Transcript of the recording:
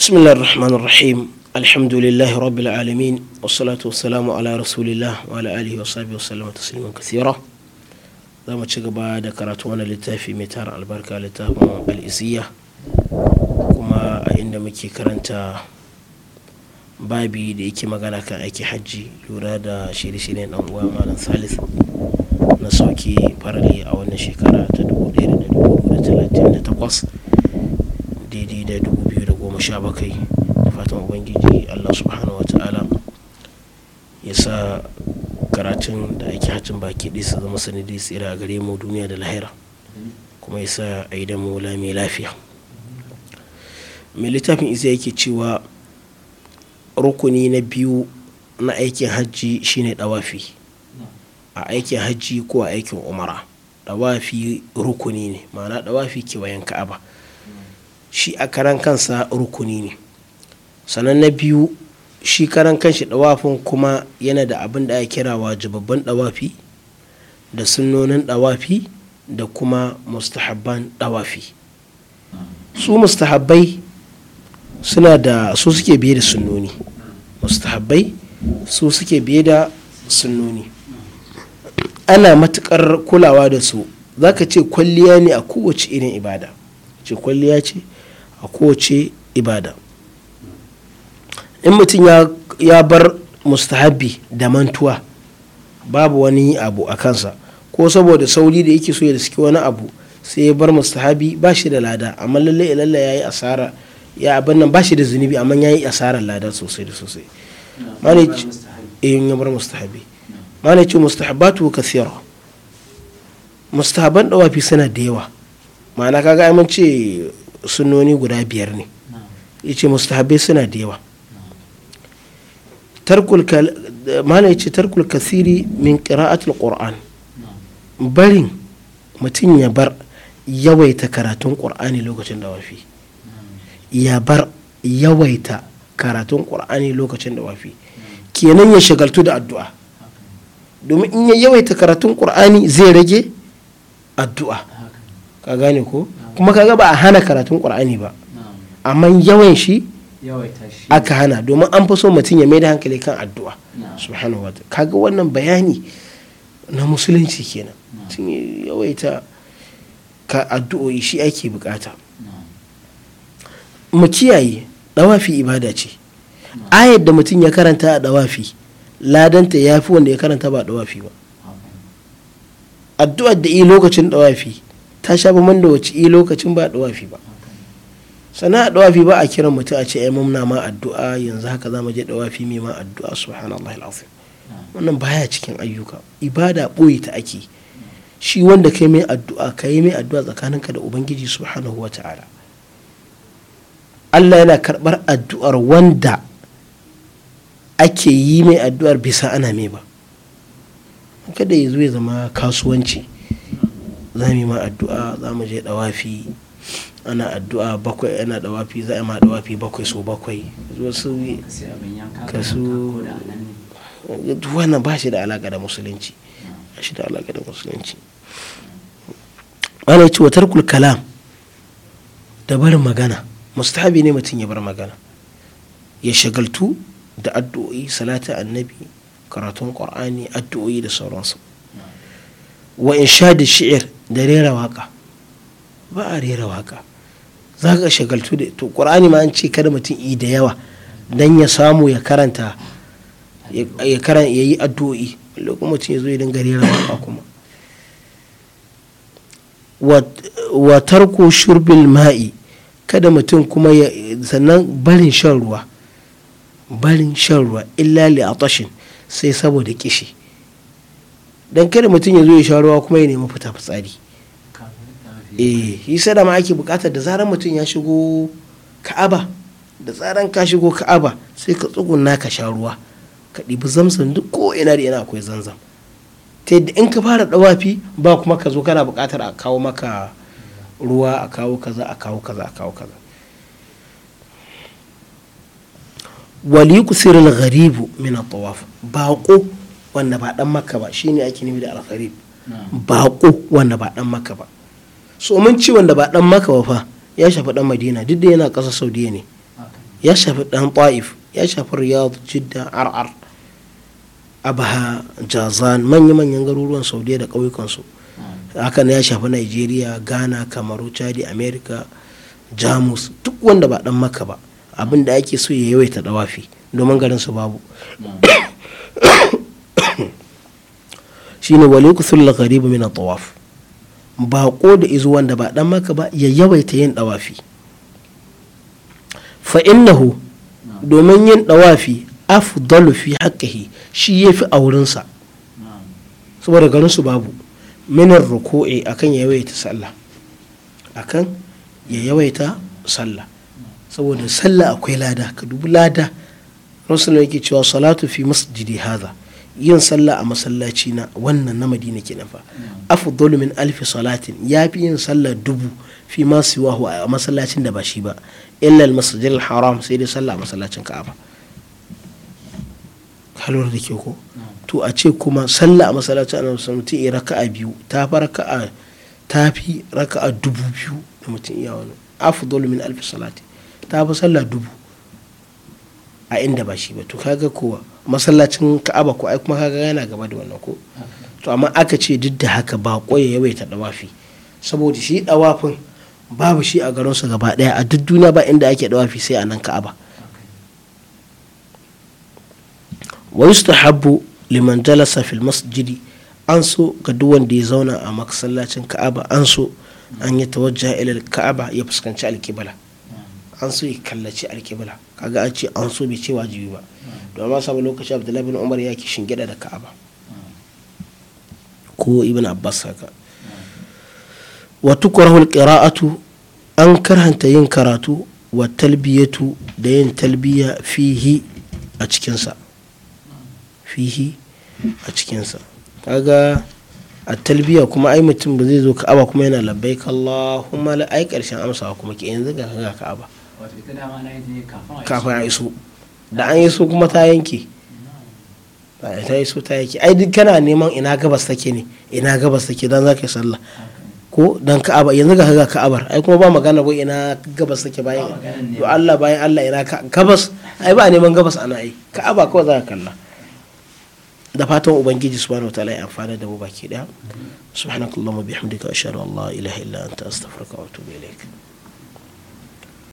بسم الله الرحمن الرحيم الحمد لله رب العالمين والصلاة والسلام على رسول الله وعلى آله وصحبه وسلم تسليما كثيرا زما cigaba da karatu wani littafi mai tara albarka littafin al'isiya kuma a inda muke karanta babi da yake magana kan aiki hajji lura da shirye-shiryen dan uwa malam salis na sauki farali a wannan shekara ta 1438 daidai da 2017 da fatan ubangiji allah subhanahu wa ta'ala ya sa karatun da ake hacin baki ɗaya su zama sanadi tsira a gare mu duniya da lahira kuma ya sa a yi damu mu mai lafiya mai littafin isa yake cewa rukuni na biyu na aikin hajji shine dawafi a aikin hajji ko a aikin umara dawafi rukuni ne ma'ana dawafi bayan ka'aba shi a karan kansa rukuni ne sannan na biyu shi karan kanshi dawafin kuma yana da abin da ya kira wajibabban dawafi da sunnonin dawafi da kuma mustahabban dawafi su mustahabbai suna da su suke biye da sunnoni mustahabbai su suke biye da sunnoni ana matukar kulawa da su zaka ce kwalliya ne a kowace irin ibada ce kwalliya ce a kowace ibada in mutum ya bar mustahabi da mantuwa babu wani abu a kansa ko saboda sauri da yake so ya suke wani abu sai ya bar mustahabi ba shi da lada amma lalle ilalla ya yi asara ya abin nan ba shi da zunubi amma ya yi asarar lada sosai da sosai in ya bar mustahabi eh, mana ce mustahabatu siyarwa mustahaban dawafi suna da yawa ma'ana kaga ai mun ce sunoni guda biyar ne ya ce mustahabai suna da yawa mana ya ce tarkul kasiri min ƙira'atul ƙur'an barin mutum ya bar yawaita karatun qur'ani lokacin da wafi ya bar yawaita karatun qur'ani lokacin da wafi kenan ya shagaltu da addu'a domin in ya yawaita karatun ƙur'ani zai rage addu'a ka gane ko kuma kaga ba a hana karatun qur'ani ba amma yawan shi aka hana domin an fi so mutum ya mai hankali kan addu'a subhanahu wa kaga wannan bayani na musulunci kenan sun yawaita ka addu'o'i shi ake bukata mu kiyaye dawafi ibada ce ayar da mutum ya karanta a dawafi ladanta ya fi wanda ya karanta ba dawafi ba addu'ar da yi lokacin dawafi ta sha ba da wace i lokacin ba a ɗawafi ba sana a ba a kiran mutum a ce ai mumna ma addu'a yanzu haka za mu je dawafi mai ma addu'a subhanallahi alazim wannan baya cikin ayyuka ibada boye ta ake shi wanda kai mai addu'a kai mai addu'a tsakaninka da ubangiji subhanahu ta'ala. Allah yana karɓar addu'ar wanda ake yi mai addu'ar bisa ana mai ba kada ya zo ya zama kasuwanci za mu yi ma addu'a za mu je dawafi ana addu'a bakwai ana dawafi za a ma dawafi bakwai so bakwai wasu ka su wannan ba shi da alaka da musulunci ba shi da alaka da musulunci ana ci watar kalam da barin magana mustahabi ne mutum ya bar magana ya shagaltu da addu'o'i salata annabi karatun qur'ani addu'o'i da sauransu wa in sha da shi'ir da rera waka ba a rera waka za ka shagaltu da to qur'ani ma an ce kada mutum yi da yawa dan ya samu ya karanta ya karan ya yi addu'o'i lokacin mutum ya zo ya dinga rera waka kuma wa tarko shurbil ma'i kada mutum kuma ya sannan barin shan ruwa barin shan ruwa illa li atashin sai saboda kishi don kada mutum ya zo ya ruwa kuma ya nemi fita fitsari eh yi da ma ake bukatar da zarar mutum ya shigo ka'aba da tsaran ka shigo ka'aba sai ka tsuguna ka sha ruwa ka ɗibi zamsan duk ko ina da ina akwai zanzam ta yadda in ka fara ɗawafi, ba kuma ka zo kana bukatar a kawo maka ruwa a kawo kaza a kawo kaza a kawo kaza wali kusirul gharibu min at-tawaf baqo wanda ba dan makka ba shine ake nufi da alkharib baqo wanda ba dan makka ba so mun ci wanda ba dan makka ba fa ya shafi dan madina duk da yana kasar saudiya ne ya shafi dan ta'if ya shafi riyadh jidda ar'ar abaha jazan manya-manyan garuruwan saudiya da kauyukan su. hakan ya shafi nigeria ghana kamaru chadi america jamus duk wanda ba dan maka ba abin da ake so ya yawaita dawafi domin garin su babu shine walikusul gharibu min at-tawaf bako da izo wanda ba dan maka ba ya yawaita yin dawafi fa innahu domin yin dawafi afdalu fi haqqihi shi yafi a wurinsa saboda garin su babu minar ruku'i akan ya yawaita sallah akan ya yawaita sallah saboda sallah akwai lada ka dubi lada rasulullah yake cewa salatu fi masjidi hadha yin sallah a masallaci na wannan na madina kenan fa afdalu min alfi salatin yafi yin sallah dubu fi ma siwa a masallacin da ba shi ba illa al masjid al haram sai dai sallah a masallacin ka'aba halor da ke ko to a ce kuma sallah a masallacin annabi sallallahu alaihi wasallam raka'a biyu ta fa raka'a ta fi raka'a dubu biyu da mutum iya wani afdalu min alfi salatin ta fi sallah dubu a inda ba shi ba to kaga kowa masallacin ka'aba ko ai kuma kaga yana gaba da wannan ko to amma aka ce duk da haka ba ya yawaita dawafi saboda shi dawafin babu shi a garinsu gaba daya a duk duniya ba inda ake dawafi sai a nan ka'aba wa yustahabbu liman jalasa fil masjidi an so ga duk wanda ya zauna a masallacin ka'aba an so an yi tawajja ila ka'aba ya fuskanci alkibala an so ya kallaci alkibla kaga an ce an so bai ce wajibi ba don ma samu lokaci abdullahi bin umar ya ki shingida da ka'aba ko ibn abbas haka wa tukrahu alqira'atu an karhanta yin karatu wa talbiyatu da yin talbiya fihi a cikinsa fihi a sa kaga a talbiya kuma ai mutum ba zai zo ka'aba kuma yana labbaik Allahumma la ai karshen amsa" kuma ke yanzu ga ka'aba kafin a iso da an iso kuma ta yanke ta iso ta yanke ai duk kana neman ina gabas take ne ina gabas take dan za ka yi sallah ko dan ka'aba yanzu ga ga ka'abar ai kuma ba magana ba ina gabas take bayan to Allah bayan Allah ina gabas ai ba neman gabas ana yi ka'aba kawai za ka kalla da fatan ubangiji subhanahu wataala ya amfana da mu baki daya subhanakallahumma bihamdika ashhadu an la ilaha illa anta astaghfiruka wa atubu ilaik